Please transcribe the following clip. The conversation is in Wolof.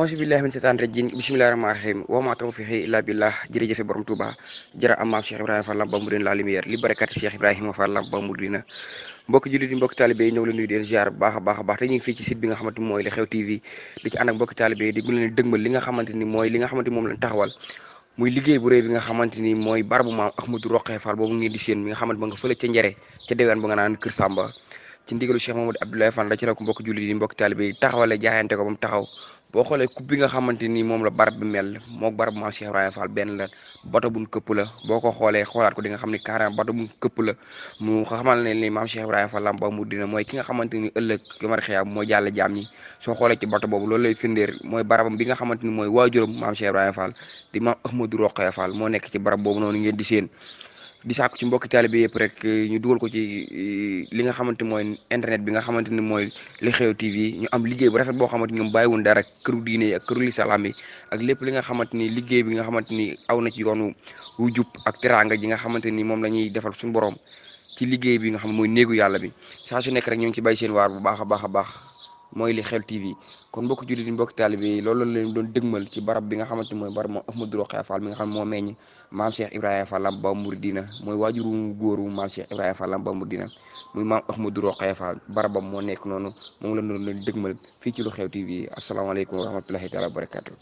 auzu billahi min seytaan rajim bismillahi rahmani rahim wa ma tawfiqi illa billah jërëjëfe borom Touba jërë am maam Cheikh Ibrahima Fall Lamp Mouride la lumière li barakati Cheikh Ibrahima Fall Lamp Mouride mbokki jullit yi mbokki taalibé yi ñëw la nuyu di leen ziar bu baax a baax a baax te ñu ngi fii ci site bi nga xamante ni mooy li xew TV di ci ànd ak mbokki taalibé yi di gu leen dëgmal li nga xamante ni mooy li nga xamante ni moom lañ taxawal muy liggéey bu réy bi nga xamante ni mooy barabu maam Ahmadou Rokhaya Fall boobu ngeen di séen mi nga xamante ba nga fële ca njare ca deween ba nga naan kër Samba ci ndigalu Cheikh Mamadou Abdoulaye Fall la ci la ko mbokki jullit yi mbokki taalibé yi taxawale jaayante ko ba mu taxaw boo xoolee coupe bi nga xamante ni moom la barab bi mel mook barab Maam Cheikh Ibrahima Fall benn la bato bu këpp la boo ko xoolee xoolaat ko di nga xam ni carrément bato buñ këpp la mu xamal ne ni Maam Cheikh Ibrahima Fall Lamp Baabul Muridiina mooy ki nga xamante ni ëllëg yomar xiyaam moo jàll jaam ñi soo xoolee ci bato boobu loolu lay firndéer mooy barabam bi nga xamante ni mooy waajuram Maam Cheikh Ibrahima Fall di Maam Ahmadou Rokhaya Fall moo nekk ci barab boobu noonu ngeen di seen di sàkku ci mbokki bi yëpp rek eh, ñu dugal ko ci eh, li nga xamante mooy internet bi nga xamante ni mooy li xew TV ñu am liggéey bu rafet boo xamante ñoom bàyyiwun dara këru diine yi ak këru lislaam yi ak lépp li nga xamante ni liggéey bi nga xamante ni aw na ci yoonu wu jub ak teraanga ji nga xamante ni moom la ñuy defal suñu borom ci liggéey bi nga xam mooy néegu yàlla bi saa su nekk rek ñoo ngi ci bay seen waar bu baax a baax a baax mooy li xew TV kon mbokk jullit yi mbokk taalibe yi loolu la leen doon dëgmal ci barab bi nga xamante mooy barab moom Ahmadou Rokhaya Fall mi nga xam moo meññ maam Cheikh Ibrahima Fall Lamp Baabul Muridiina mooy waajuru góoru maam Cheikh Ibrahima Fall Lamp Baabul Muridiina muy maam Ahmadou Rokhaya Fall barabam moo nekk noonu moom la doon leen dëgmal fii ci lu xew TV asalaamaaleykum wa rahmatulahi taala barakaatu.